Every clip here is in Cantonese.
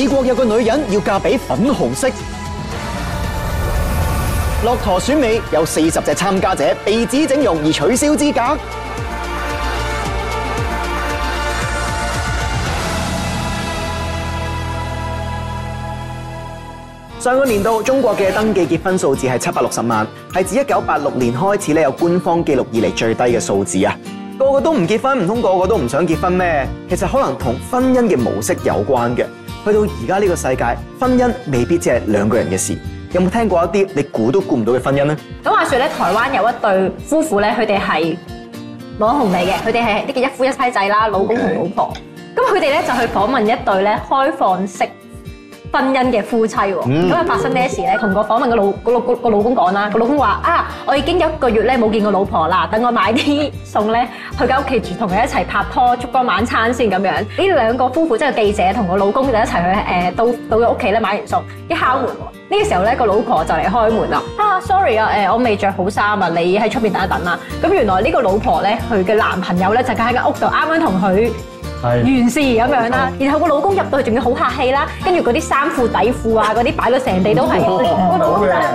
美國有個女人要嫁俾粉紅色駱駝選美，有四十隻參加者被指整容而取消資格。上個年度中國嘅登記結婚數字係七百六十萬，係自一九八六年開始有官方記錄以嚟，最低嘅數字啊！個個都唔結婚，唔通個個都唔想結婚咩？其實可能同婚姻嘅模式有關嘅。去到而家呢個世界，婚姻未必只係兩個人嘅事。有冇聽過一啲你估都估唔到嘅婚姻呢？咁話説咧，台灣有一對夫婦咧，佢哋係網紅嚟嘅，佢哋係呢個一夫一妻制啦，老公同老婆。咁佢哋咧就去訪問一對咧開放式婚姻嘅夫妻喎，咁啊、嗯、發生咩事咧？同個訪問嘅老個老，老，老公講啦，個老公話啊，我已經一個月咧冇見過老婆啦，等我買啲餸咧，去間屋企住，同佢一齊拍拖燭光晚餐先咁樣。呢兩個夫婦即係記者同個老公就一齊去誒到到佢屋企咧買完餸，一敲門喎。呢、呢個時候咧、啊、個老婆就嚟開門啦，啊，sorry 啊誒，我未着好衫啊，你喺出邊等一等啦。咁原來呢個老婆咧，佢嘅男朋友咧就梗喺間屋度啱啱同佢。完事咁樣啦，錯然後個老公入到去仲要好客氣啦，跟住嗰啲衫褲底褲啊嗰啲擺到成地都係，係啦、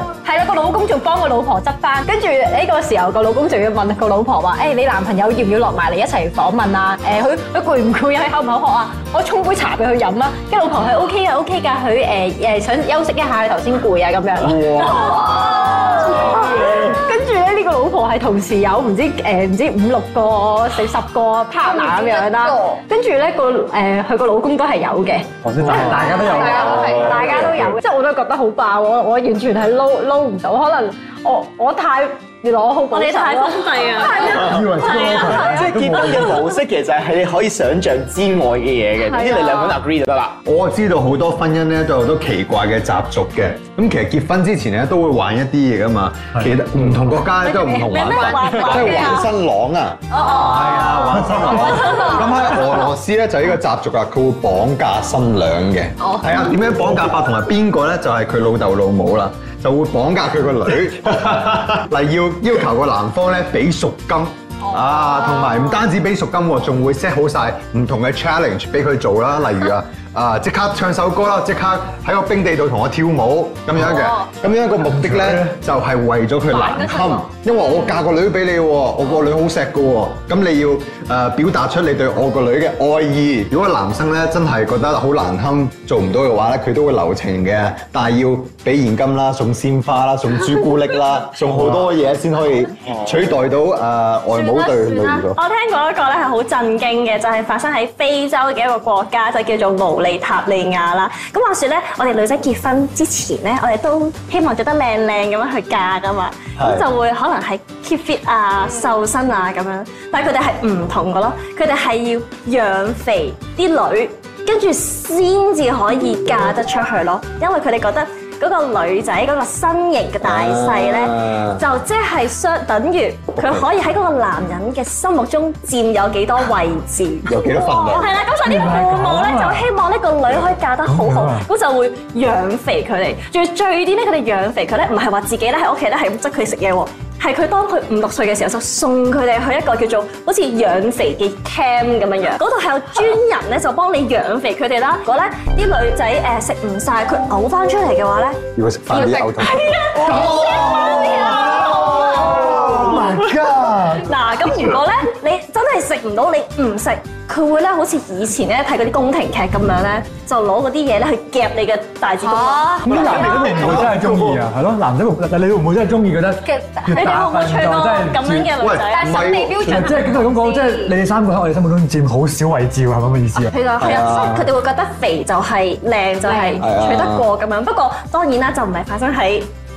個老公仲幫個老婆執翻，跟住呢個時候、個老公仲要問個老婆話，誒、hey, 你男朋友要唔要落埋嚟一齊訪問啊？誒佢佢攰唔攰啊？佢口唔口渴啊？我沖杯茶俾佢飲啊！跟住老婆係 O K 嘅 O K 㗎，佢誒誒想休息一下，你頭先攰啊咁樣。 呢個老婆係同時有唔知誒唔、呃、知五六個、四十個 partner 咁樣啦，跟住咧個誒佢個老公都係有嘅。我知、哦哦、大家都有，哦、大家都有，哦、即係我都覺得好爆，我我完全係撈撈唔到，可能我我太。你攞好，我哋太講細啊！太細啊！即係結婚嘅模式其實係你可以想像之外嘅嘢嘅，呢啲你兩個人 agree 就得啦。我知道好多婚姻咧都有好多奇怪嘅習俗嘅，咁其實結婚之前咧都會玩一啲嘢㗎嘛。其實唔同國家都有唔同玩法，即係玩新郎啊，係啊，玩新郎。咁喺俄羅斯咧就係呢個習俗啊，佢會綁架新娘嘅。睇下點樣綁架法同埋邊個咧，就係佢老豆老母啦。就會綁架佢個女，嗱，要 要求個男方咧俾贖金， 啊，同埋唔單止俾贖金喎，仲會 set 好曬唔同嘅 challenge 俾佢做啦，例如啊。 啊！即刻唱首歌啦！即刻喺個冰地度同我跳舞咁樣嘅。咁樣一個目的咧，就係為咗佢難堪，因為我嫁個女俾你喎，我個女好錫嘅喎。咁你要誒表達出你對我個女嘅愛意。如果男生咧真係覺得好難堪，做唔到嘅話，咧，佢都會留情嘅，但係要俾現金啦，送鮮花啦，送朱古力啦， 送好多嘢，先可以取代到誒外母對女。我聽過一個咧係好震驚嘅，就係、是、發生喺非洲嘅一個國家，就是、叫做毛利塔利亞啦，咁話說咧，我哋女仔結婚之前咧，我哋都希望着得靚靚咁樣去嫁㗎嘛，咁的就會可能係 keep fit 啊、瘦身啊咁樣，但係佢哋係唔同㗎咯，佢哋係要養肥啲女，跟住先至可以嫁得出去咯，因為佢哋覺得，嗰個女仔嗰個身形嘅大細咧，哇就即係相等於佢可以喺嗰個男人嘅心目中佔有幾多位置，有幾多份量。係啦，咁所以呢個父母咧就希望呢個女可以嫁得好好，咁、啊、就會養肥佢哋。仲要最啲咧，佢哋養肥佢咧，唔係話自己咧喺屋企咧係咁執佢食嘢喎。係佢當佢五六歲嘅時候，就送佢哋去一個叫做好似養肥嘅 camp 咁樣樣，嗰度係有專人咧就幫你養肥佢哋啦。如果咧啲女仔誒食唔晒佢嘔翻出嚟嘅話咧，要食，要食，係啊，咁啊，Oh my God。嗱，咁如果咧，你真係食唔到，你唔食，佢會咧好似以前咧睇嗰啲宮廷劇咁樣咧，就攞嗰啲嘢咧去夾你嘅大字。嚇！咁男仔會唔會真係中意啊？係咯，男仔會，你會唔會真係中意覺得？你哋唔個圈咯，咁樣嘅女仔。但係審美標準，即係即係咁講，即係你哋三個喺我哋心目中佔好少位置喎，係咪咁嘅意思啊？佢就佢佢哋會覺得肥就係靚就係，娶得過咁樣。不過當然啦，就唔係發生喺。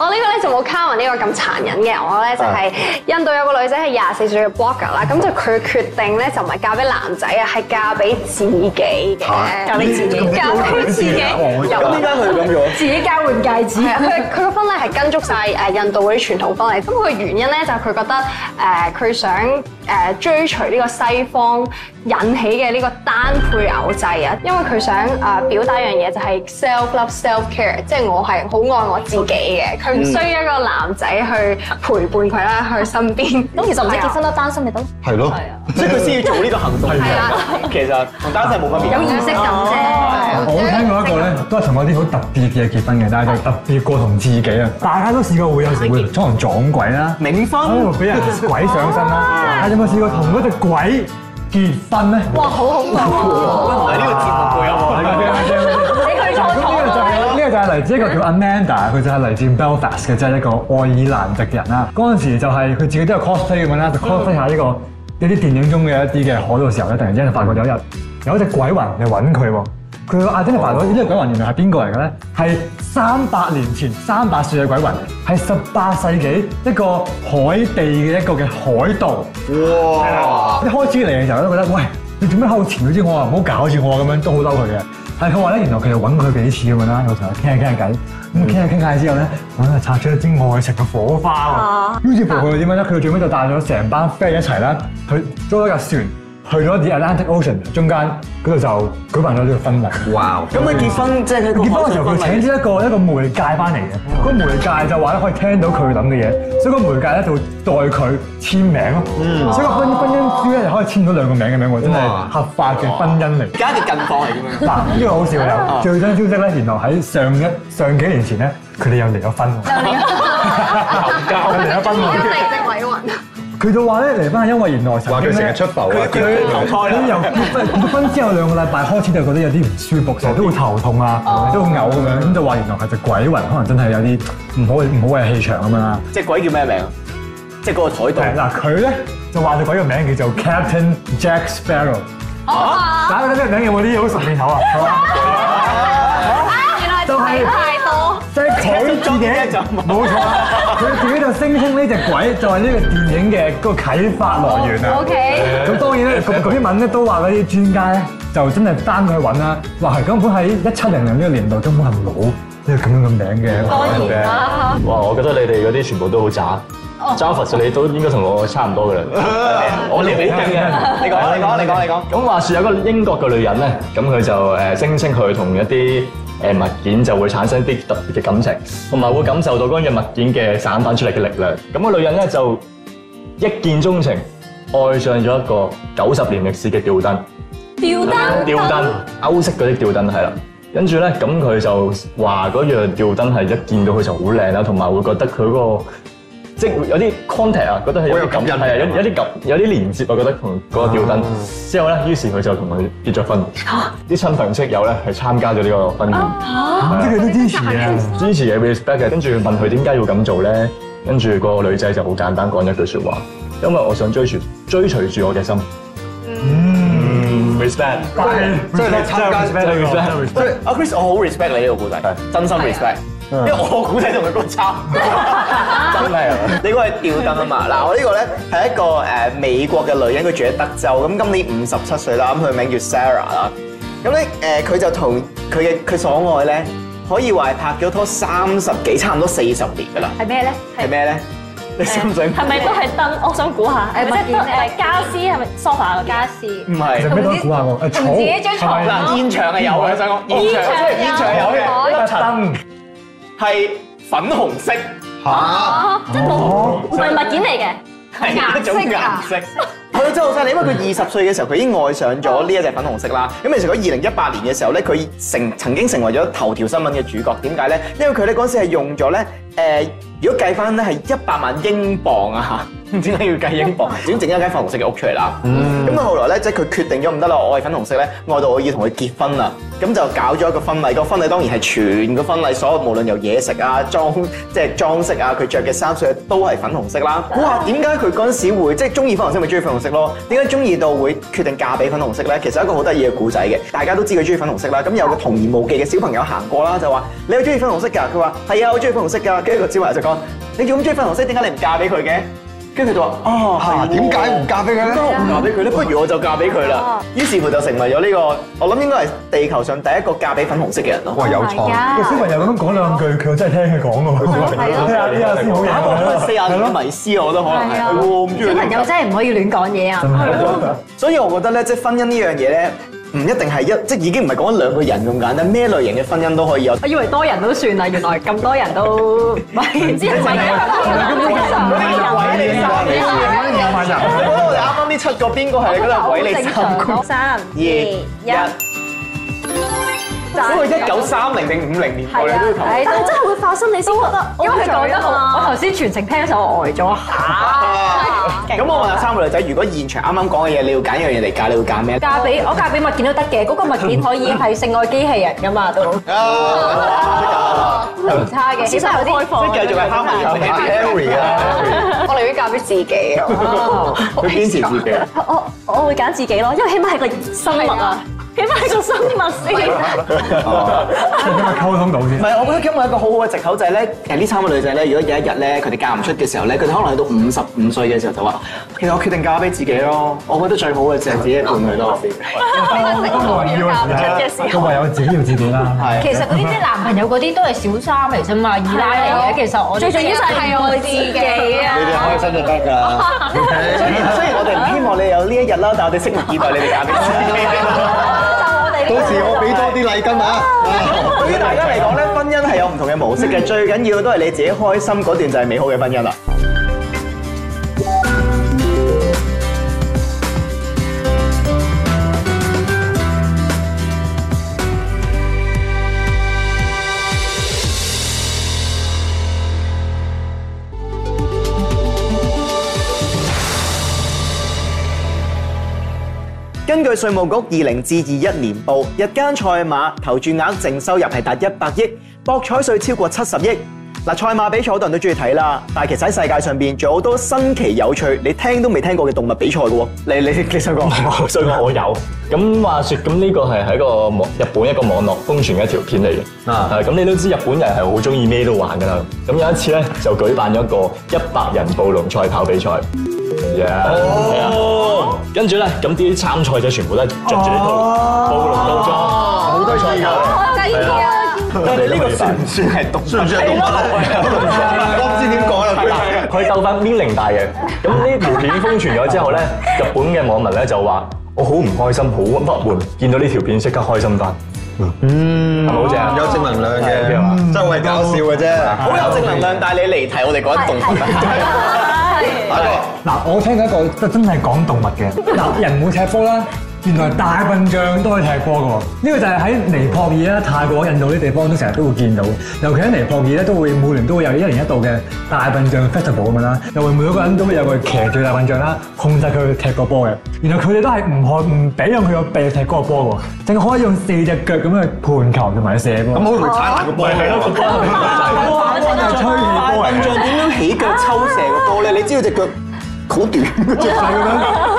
我，我呢個咧就冇 Carman 呢個咁殘忍嘅，我咧就係印度有個女仔係廿四歲嘅 Blogger 啦，咁就佢決定咧就唔係嫁俾男仔啊，係嫁俾自己嘅。嫁你自己？嫁俾自己？由依家佢咁做。自己交換戒指。佢佢個婚禮係跟足晒誒印度嗰啲傳統婚禮。咁佢原因咧就係、是、佢覺得誒佢、呃、想誒追隨呢個西方引起嘅呢個單配偶制啊，因為佢想誒表達一樣嘢就係、是、self love self care，即係我係好愛我自己嘅。Okay. 唔需要一個男仔去陪伴佢啦，去身邊咁其實唔使結婚啦，單身嚟都係咯，即係佢先要做呢個行動。係啊，其實同單身冇分別，有儀式感啫。我聽過一個咧，都係從嗰啲好特別嘅嘢結婚嘅，但係就特別過同自己啊。大家都試過會有時會可能撞鬼啦，冥婚，俾人鬼上身啦。係有冇試過同嗰隻鬼結婚咧？哇！好恐怖啊！呢個節目過癮喎。嚟即一個叫 Amanda，佢就係嚟自 Belfast 嘅，即係一個愛爾蘭籍嘅人啦。嗰陣時就係、是、佢自己都有 cosplay 咁樣啦、嗯，就 cosplay 下、這、呢個呢啲電影中嘅一啲嘅海盜時候咧，突然之間就發覺有一日、嗯、有一隻鬼魂嚟揾佢喎。佢個阿珍就、啊、發覺呢隻鬼魂原來係邊個嚟嘅咧？係三百年前三百歲嘅鬼魂，係十八世紀一個海地嘅一個嘅海盜。哇！一開始嚟嘅時候都覺得，喂，你做咩喺度纏住我啊，唔好搞住我咁樣，都好嬲佢嘅。係佢話咧，佢原來佢又揾佢幾次咁樣啦，我同佢傾下傾下偈。咁傾下傾下之後呢，揾嚟擦出了一啲愛情嘅火花喎。Beautiful 佢點樣？佢最尾就帶咗成班 friend 一齊啦，佢租咗架船，去咗啲 Atlantic Ocean 中間嗰度就舉辦咗呢個婚禮。哇！咁佢結婚即係佢結婚嘅時候，佢請咗一個一個媒介返嚟嘅。個媒介就話咧可以聽到佢諗嘅嘢，所以個媒介咧就代佢簽名咯。所以個婚婚姻書咧就可以簽咗兩個名嘅名喎，真係合法嘅婚姻嚟。而家係近況嚟嘅嗱，呢個好笑有最新消息咧，原來喺上一上幾年前咧，佢哋又離咗婚。哈哈哈！哈離咗婚嘅。鬼佢就話咧離婚係因為原來成日話佢成日出埠佢佢佢又結婚，結婚之後兩個禮拜開始就覺得有啲唔舒服，成日都會頭痛啊，都會嘔咁樣，就話原來係隻鬼魂，可能真係有啲唔好唔好嘅氣場咁樣啦。隻鬼叫咩名啊？即係嗰個台東嗱，佢咧就話隻鬼嘅名叫做 Captain Jack Sparrow。嚇！打到呢個名有冇啲好熟口面啊？原來就係。即係佢自己冇錯，佢自己就聲稱呢隻鬼就係呢個電影嘅個啟發來源啊。O K。咁當然咧，嗰啲文咧都話嗰啲專家咧就真係單去揾啦，話係根本喺一七零零呢個年代根本係冇呢個咁樣嘅名嘅。當然啦。哇，我覺得你哋嗰啲全部都好渣。Joffre，你都應該同我差唔多嘅啦。我聊起你講，你講，你講，你講。咁話說有個英國嘅女人咧，咁佢就誒聲稱佢同一啲。誒物件就會產生啲特別嘅感情，同埋會感受到嗰樣物件嘅散發出嚟嘅力量。咁個女人咧就一見鍾情，愛上咗一個九十年歷史嘅吊燈。吊燈？吊燈。歐式嗰啲吊燈係啦，跟住咧咁佢就話嗰樣吊燈係一見到佢就好靚啦，同埋會覺得佢嗰個。即係有啲 contact 啊，覺得係有感人係啊，有啲感有啲連接啊，覺得同嗰個吊燈之後咧，於是佢就同佢結咗婚。啲親朋戚友咧係參加咗呢個婚宴，嚇！即係都支持啊，支持嘅 respect 嘅。跟住問佢點解要咁做咧？跟住個女仔就好簡單講一句説話：因為我想追隨追隨住我嘅心。嗯，respect，即係你參加，respect，即係即係即係。啊，Chris，我好 respect 你呢個故仔，真心 respect。因為我估計同佢嗰個差唔多，真係。你估係吊燈啊嘛，嗱，我呢個咧係一個誒美國嘅女人，佢住喺德州，咁今年五十七歲啦，咁佢名叫 Sarah 啦。咁咧誒，佢就同佢嘅佢所愛咧，可以話係拍咗拖三十幾，差唔多四十年㗎啦。係咩咧？係咩咧？你心水？係咪都係燈？我想估下，係咪即係燈誒家私，係咪 sofa 嘅家私？唔係，我估下喎，自己張床，現場係有嘅，我想講，現場有燈。係粉紅色嚇，真冇唔係物件嚟嘅，係一種顏色。佢真好犀利，因為佢二十歲嘅時候，佢已經愛上咗呢一隻粉紅色啦。咁其實，佢二零一八年嘅時候咧，佢成曾經成為咗頭條新聞嘅主角。點解咧？因為佢咧嗰陣時係用咗咧。誒、呃，如果計翻咧係一百萬英鎊啊，嚇！ 點解 要計英鎊？整整一間粉紅色嘅屋出嚟啦？咁啊，後來咧即係佢決定咗唔得啦，愛粉紅色咧愛到我要同佢結婚啦！咁就搞咗一個婚禮，個婚禮當然係全個婚禮所有，無論有嘢食啊、裝即係裝飾啊，佢着嘅衫碎都係粉紅色啦。估下點解佢嗰陣時會即係中意粉紅色咪中意粉紅色咯？點解中意到會決定嫁俾粉紅色咧？其實一個好得意嘅故仔嘅，大家都知佢中意粉紅色啦。咁有個童言無忌嘅小朋友行過啦，就話：你係中意粉紅色㗎？佢話：係啊，我中意粉紅色㗎。跟住個小雲就講：你咁中意粉紅色，點解你唔嫁俾佢嘅？跟住佢就話：哦，係點解唔嫁俾佢咧？都唔嫁俾佢咧，不如我就嫁俾佢啦。於是乎就成為咗呢個，我諗應該係地球上第一個嫁俾粉紅色嘅人咯。有錯！小朋友咁樣講兩句，佢真係聽佢講噶嘛？係啊，啲啊，好有啲啊啲迷思，我都可能小朋友真係唔可以亂講嘢啊。所以我覺得咧，即係婚姻呢樣嘢咧。唔一定係一，即係已經唔係講緊兩個人咁簡單，咩類型嘅婚姻都可以有。我以為多人都算啦，原來咁多人都唔係，只係一個人。鬼嚟三觀，鬼嚟三觀難。咁我哋啱啱呢七個邊個係呢？嗰度鬼嚟三觀。二一。咁佢一九三零定五零年代呢啲同學？但係真係會發生，你先覺得。因為改得嘛。我頭先全程聽嘅時候，我呆咗下。咁我問下三個女仔，如果現場啱啱講嘅嘢，你要揀一樣嘢嚟嫁，你會揀咩？嫁俾我，嫁俾物件都得嘅，嗰個物件可以係性愛機器人㗎嘛都。啊，唔差嘅，至少有啲開放。繼續係我寧願嫁俾自己，堅持自己。我我會揀自己咯，因為起碼係個生物啊。點解做生物師？點解 溝通到先。唔係， 我覺得今日一個好好嘅藉口就係、是、咧，其實呢三個女仔咧，如果有一日咧，佢哋嫁唔出嘅時候咧，佢哋可能到五十五歲嘅時候就話：其實我決定嫁俾自己咯。我覺得最好嘅就係自己伴佢到後邊。呢個食唔要嫁唔出嘅時候，都還 有自己要字典啦。係。 其實嗰啲男朋友嗰啲都係小三嚟啫嘛，二奶嚟嘅。其實我 最重要係愛自己啊！ 你哋可以真係得㗎。雖然 我哋唔希望你有呢一日啦，但我哋拭目以待你哋嫁俾 到時我俾多啲禮金啊。對、啊啊、於大家嚟講 婚姻係有唔同嘅模式嘅， 最緊要都係你自己開心嗰段就係美好嘅婚姻啦。根據稅務局二零至二一年報，日間賽馬投注額淨收入係達一百億，博彩稅超過七十億。嗱，賽馬比賽好多人都中意睇啦，但係其實喺世界上邊仲有好多新奇有趣、你聽都未聽過嘅動物比賽噶。你你其實講？我有。咁話說，咁呢個係喺個網日本一個網絡瘋傳嘅一條片嚟嘅。啊，咁你都知日本人係好中意咩都玩噶啦。咁有一次咧，就舉辦咗個一百人暴龍賽跑比賽。哦，跟住咧，咁啲參賽者全部都係著住呢套暴龍套裝，好精彩㗎，就呢個，但係呢個算唔算係獨？算唔算獨白啊？我唔知點講啦，佢鬥翻年齡大嘅，咁呢條片瘋傳咗之後咧，日本嘅網民咧就話：我好唔開心，好不滿，見到呢條片即刻開心翻。嗯，係咪好正，有正能量嘅，真係搞笑嘅啫，好有正能量，帶你離題，我哋講得棟。嗱 Hi.，我聽過一個真真係講動物嘅，嗱，人會踢波啦。原來大笨象都可以踢波㗎喎！呢個就係喺尼泊爾啦、泰國、印度啲地方都成日都會見到，尤其喺尼泊爾咧，都會每年都會有一年一度嘅大笨象 festival 咁樣啦，又會每一個人都會有個騎住大笨象啦，控制佢踢個波嘅。原來佢哋都係唔可唔俾用佢個鼻嚟踢嗰個波㗎，淨係可以用四隻腳咁樣去盤球同埋射波。咁可以唔踩下個波？係係咯，個波就係吹住波嚟。大笨象點樣起腳抽射個波咧？你知道隻腳好短。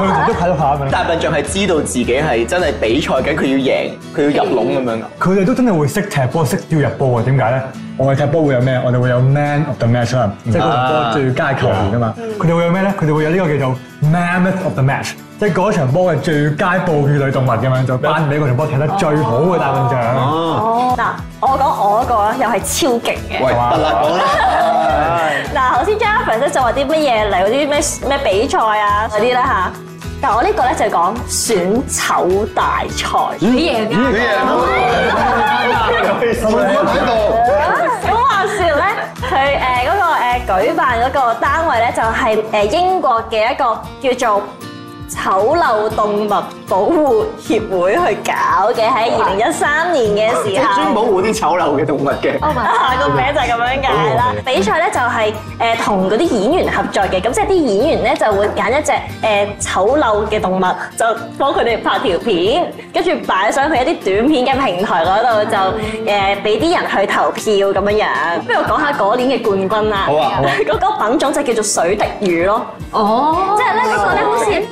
大笨象係知道自己係真係比賽緊，佢要贏，佢要入籠咁樣噶。佢哋都真係會識踢波、識跳入波啊。點解咧？我哋踢波會有咩？我哋會有 Man of the Match 啊，即係嗰場波最佳球員啊嘛。佢哋會有咩咧？佢哋會有呢個叫做 Mammoth of the Match，即係嗰場波嘅最佳哺乳類動物咁樣，就頒俾嗰場波踢得最好嘅大笨象。哦，嗱，我講我嗰個又係超勁嘅。喂，得好啦。嗱，頭先 Jonathan 就話啲乜嘢嚟嗰啲咩咩比賽啊嗰啲啦吓。但我呢個咧就講選醜大賽，你贏㗎！咩、嗯？嗯、我喺度。好話説咧，佢誒嗰個誒舉辦嗰個單位咧，就係誒英國嘅一個叫做。醜陋動物保護協會去搞嘅，喺二零一三年嘅時候，專保護啲醜陋嘅動物嘅。個名就係咁樣解啦。比賽咧就係誒同嗰啲演員合作嘅，咁即係啲演員咧就會揀一隻誒醜陋嘅動物，就幫佢哋拍條片，跟住擺上去一啲短片嘅平台嗰度，就誒俾啲人去投票咁樣樣。不如我講下嗰年嘅冠軍啦。好啊，嗰個品種就叫做水滴魚咯。哦，即係咧。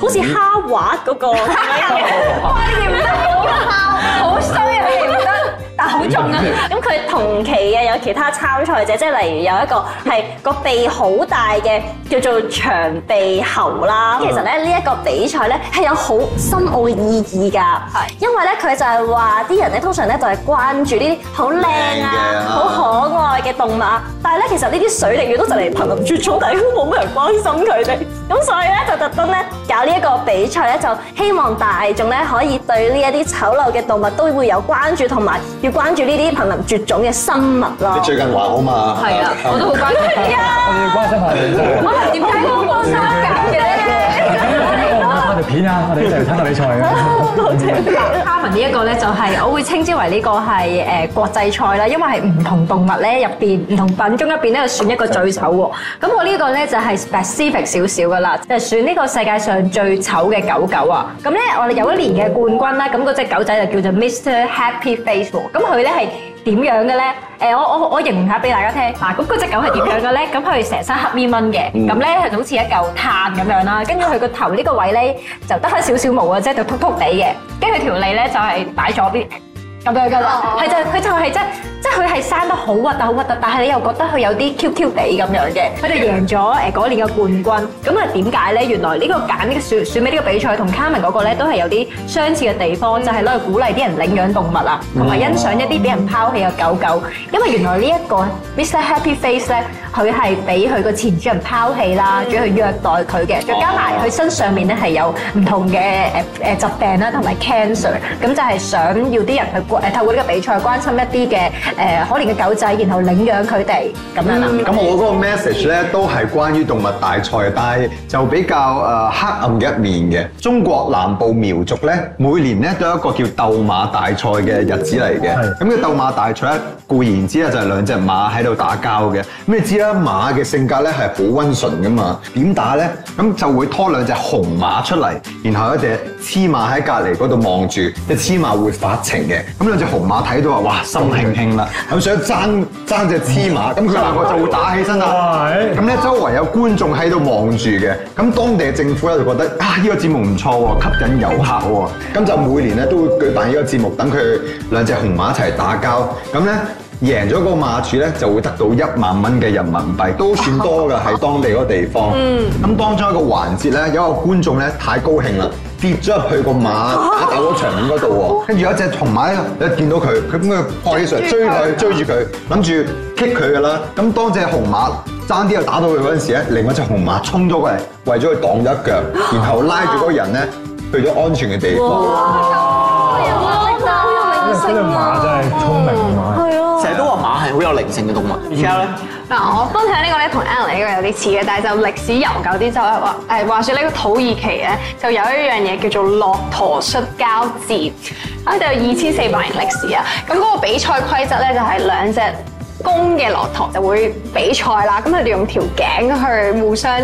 好似蝦滑嗰個，哇，你認唔得了，好嬲， 好衰啊！你認唔得？ 好重啊！咁佢 同期嘅有其他參賽者，即係例如有一個係個鼻好大嘅叫做長鼻猴啦。咁 其實咧呢一個比賽咧係有好深奧嘅意義㗎。係， 因為咧佢就係話啲人咧通常咧就係關注呢啲好靚啊、好可愛嘅動物，但係咧其實呢啲水力魚都就嚟瀕臨絕種，但都冇乜人關心佢哋。咁 所以咧就特登咧搞呢一個比賽咧，就希望大眾咧可以對呢一啲醜陋嘅動物都會有關注同埋。關注呢啲瀕臨絕種嘅生物咯。你最近還好嘛？係啊，我都好關心啲啊。 關心下 你啫。 我係點解咁過山架？我我我片啊，我哋一齊睇下比賽啊。 呢一個咧就係、是、我會稱之為呢個係誒、呃、國際賽啦，因為係唔同動物咧，入邊唔同品種入邊咧，選一個最醜喎。咁我呢個咧就係 specific 少少嘅啦，就是、選呢個世界上最醜嘅狗狗啊。咁咧我哋有一年嘅冠軍啦，咁嗰隻狗仔就叫做 Mr Happy Face 喎。咁佢咧係點樣嘅咧？誒我我我形容下俾大家聽嗱，咁嗰隻狗係點樣嘅咧？咁佢成身黑咪蚊嘅，咁咧係好似一嚿炭咁樣啦。跟住佢個頭呢個位咧就得返少少毛啊，即係就突突地嘅。跟住條脷咧。就係擺左邊。咁樣噶啦，係就佢就係真，即係佢係生得好核突、好核突，但係你又覺得佢有啲 Q Q 地咁樣嘅。佢哋贏咗誒嗰年嘅冠軍。咁啊點解咧？原來呢個揀呢個選選美呢個比賽同嘉雯嗰個咧都係有啲相似嘅地方，就係攞嚟鼓勵啲人領養動物啊，同埋欣賞一啲俾人拋棄嘅狗狗。因為原來呢一個 Mr Happy Face 咧，佢係俾佢個前主人拋棄啦，仲要虐待佢嘅，再加埋佢身上面咧係有唔同嘅誒誒疾病啦，同埋 cancer，咁就係想要啲人去。透過呢個比賽關心一啲嘅誒可憐嘅狗仔，然後領養佢哋咁樣啦。咁、嗯、我嗰個 message 咧都係關於動物大賽，但係就比較誒、呃、黑暗嘅一面嘅。中國南部苗族咧，每年咧都有一個叫鬥馬大賽嘅日子嚟嘅。咁嘅、嗯、鬥馬大賽咧，固然之啦就係兩隻馬喺度打交嘅。咁你知啦，馬嘅性格咧係好温順㗎嘛。點打咧？咁就會拖兩隻雄馬出嚟，然後一隻雌馬喺隔籬嗰度望住，隻雌馬會發情嘅。咁兩隻雄馬睇到啊，哇，心興興啦，咁 想爭爭隻雌馬，咁佢兩個就會打起身啦。咁咧、欸、周圍有觀眾喺度望住嘅，咁當地嘅政府咧就覺得啊，呢、呢個節目唔錯喎，吸引遊客喎，咁 就每年咧都會舉辦呢個節目，等佢兩隻雄馬一齊打交，贏咗個馬柱咧，就會得到一萬蚊嘅人民幣，都算多噶，喺當地嗰個地方。咁、嗯、當中一個環節咧，有一個觀眾咧太高興啦，跌咗入去個馬喺打鬥場面嗰度喎，跟住有一隻紅馬咧，一見到佢，佢咁佢起上追佢，追住佢，諗住 kick 佢噶啦。咁當隻紅馬爭啲又打到佢嗰陣時咧，另外一隻紅馬衝咗過嚟，為咗佢擋咗一腳，然後拉住嗰個人咧去咗安全嘅地方。呢個馬真係聰明，係啊了！成日都話馬係好有靈性嘅動物。而家咧，嗱、嗯、我分享呢個咧同 Alan 呢個有啲似嘅，但係就是歷史悠久啲。就話誒，話説呢個土耳其咧，就有一樣嘢叫做駱駝摔跤節，咁就二千四百年歷史啊。咁、那、嗰個比賽規則咧就係兩隻。公嘅駱駝就會比賽啦，咁佢哋用條頸去互相誒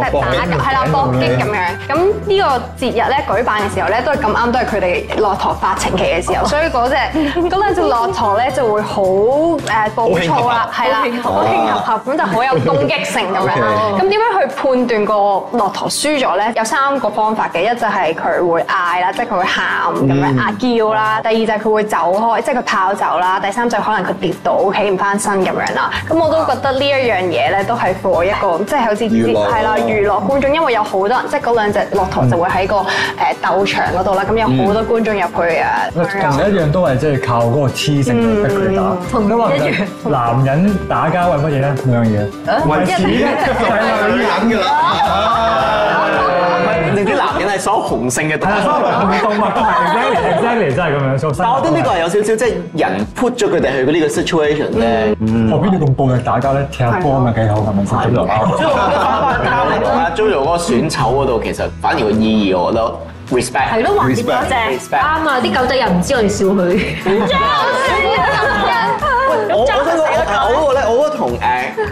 打擊，係啦搏擊咁樣。咁呢個節日咧舉辦嘅時候咧，都係咁啱，都係佢哋駱駝發情期嘅時候。所以嗰隻嗰兩隻駱駝咧就會好誒暴躁啦，係啦，好興合合，咁就好有攻擊性咁樣。咁點樣去判斷個駱駝輸咗咧？有三個方法嘅，一就係佢會嗌啦，即係佢會喊咁樣，啊叫啦；第二就係佢會走開，即係佢跑走啦；第三就可能佢跌倒。起唔翻身咁樣啦，咁我都覺得呢一樣嘢咧，都係我一個，即係好似係、啊、啦，娛樂觀眾，因為有好多，人，即係嗰兩隻駱駝就會喺個誒鬥場嗰度啦，咁、呃嗯嗯、有好多觀眾入去啊。嗯、樣同一樣都係即係靠嗰個刺激嚟得佢打。你話男人打交、啊、為乜嘢咧？兩樣嘢，為錢，為女人㗎啦。啊。所雄性嘅動物都係，真係真嚟真係咁樣。但係我覺得呢個係有少少即係人 put 咗佢哋去呢個 situation 咧。嗯，何必要咁暴力打交咧？踢下波咪幾好？係咪？Jojo 嗰個選醜嗰度其實反而個意義，我覺得 respect 係咯，respect 啱啊！啲狗仔又唔知我哋笑佢。個我我覺得我我咧，我嗰 個同誒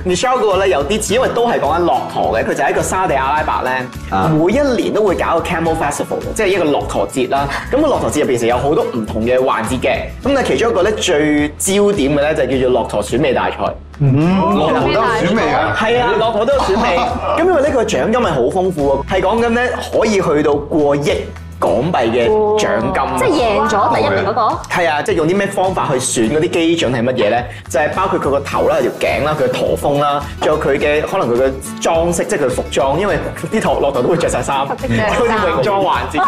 Michelle 嗰個咧有啲似，因為都係講緊駱駝嘅，佢就係一個沙地阿拉伯咧，每一年都會搞個 Camel Festival，即係一個駱駝節啦。咁個駱駝節入邊成有好多唔同嘅環節嘅，咁啊其中一個咧最焦點嘅咧就叫做駱駝選美大賽。嗯，駱駝都有選美㗎？係啊、嗯，駱駝都有選美。咁因為呢個獎金咪好豐富喎，係講緊咧可以去到過億，港幣嘅獎金，即係贏咗第一名嗰個。係啊，即係用啲咩方法去選，嗰啲基準係乜嘢咧？就係包括佢個頭啦、條頸啦、佢嘅駝峯啦，仲有佢嘅可能佢嘅裝飾，即係佢服裝，因為啲駱駝都會着晒衫，好似泳裝環節。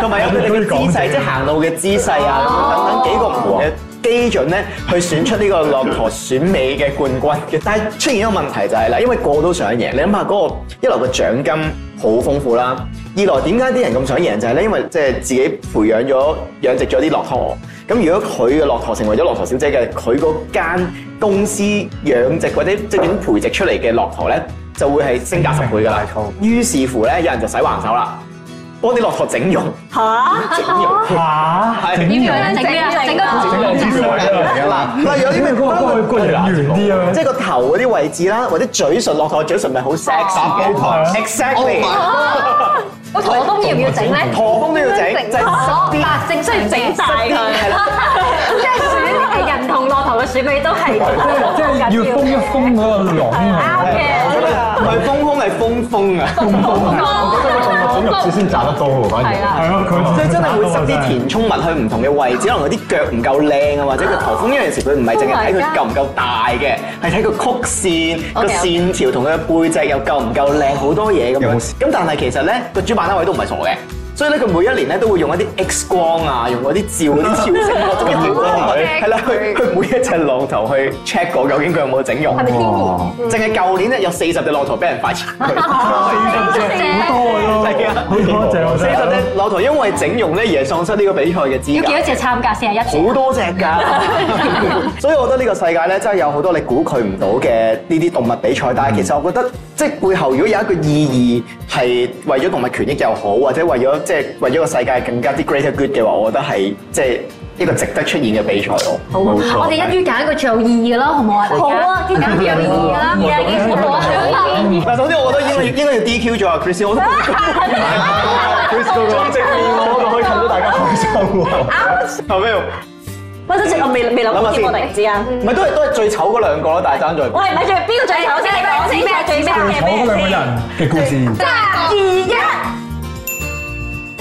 同埋有佢嘅姿勢，即係行路嘅姿勢啊，等等幾個唔同嘅基準咧，去選出呢個駱駝選美嘅冠軍嘅，但係出現一個問題就係啦，因為個個都想贏，你諗下嗰個一來嘅獎金好豐富啦，二來點解啲人咁想贏就係咧，因為即係自己培養咗、養殖咗啲駱駝，咁如果佢嘅駱駝成為咗駱駝小姐嘅，佢嗰間公司養殖或者即係培植出嚟嘅駱駝咧，就會係升價十倍㗎啦。於是乎咧，有人就使橫手啦。幫你駱駝整容嚇，嚇係點樣整啲啊？整個頭就係咁樣啦，嗱有啲咩可以貴啲啊？即係個頭嗰啲位置啦，或者嘴唇駱駝嘅嘴唇咪好 sex 嘅，exactly。我駝峯要唔要整咧？駝峯都要整，整大整，所以整大。同落頭嘅鼠尾都係 即係要封一封嗰個窿啊！嘅，唔係 吧 封封係封封啊！ 封風，我覺得個寵物寵先賺得多喎，反正係啊！佢、 啊、真係會塞啲填充物是去唔同嘅位置，可能佢啲腳唔夠靚啊，或者個頭風呢陣時佢唔係淨係睇佢夠唔夠大嘅，係睇個曲線、個 Okay, okay. 線條同佢嘅背脊又夠唔夠靚，好多嘢咁樣。咁但係其實咧，個主辦單位都唔係傻嘅。所以咧，佢每一年咧都會用一啲 X 光啊，用嗰啲照嗰啲超聲波咁樣啦，去、啊、去、啊、每一隻駱駝去 check 過究竟佢有冇整容。係咪天賦？淨係舊年咧有四十隻駱駝俾人發現、啊啊啊、四十隻，十多啊、好多啊！啊、嗯，好多隻。四十隻駱駝因為整容咧而喪失呢個比賽嘅資格。要幾多隻參加先係一場？好多隻㗎。所以我覺得呢個世界咧真係有好多你估佢唔到嘅呢啲動物比賽，但係其實我覺得、嗯、即係背後如果有一個意義係為咗動物權益又好，或者為咗。即係為咗個世界更加啲 greater good 嘅話，我覺得係即係一個值得出現嘅比賽咯。好，我哋一於揀一個最有意義嘅咯，好唔好啊？好啊，最有意義嘅啦。嗱，首先我覺得應該應該要 DQ 咗啊，Chris。我都唔太 c h 可以近到大家感受喎。後尾，我真我未未諗，諗下先。突然之間，唔係都係都係最醜嗰兩個咯，大爭在。喂，唔係最邊個最醜先？你講先咩？最醜嗰兩個人嘅故事。第二一。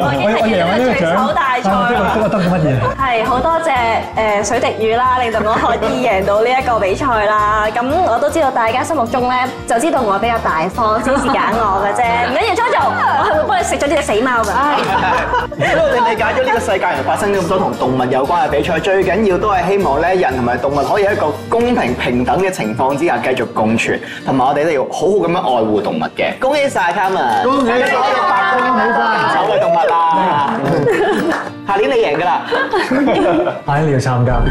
我已經係贏咗最醜大賽啦！呢個得個乜嘢？係好多謝誒水滴魚啦，令到我可以贏到呢一個比賽啦。咁我都知道大家心目中咧，就知道我比較大方，先至揀我嘅啫。唔緊要，莊總，我係會幫你食咗呢隻死貓噶。我哋理解咗呢個世界入面發生咗咁多同動物有關嘅比賽，最緊要都係希望咧，人同埋動物可以喺一個公平平等嘅情況之下繼續共存，同埋我哋都要好好咁樣愛護動物嘅。恭喜晒，Carmen！恭喜晒，八公斤起碼，醜嘅動物。啦，下年你贏㗎喇，下年你要參加。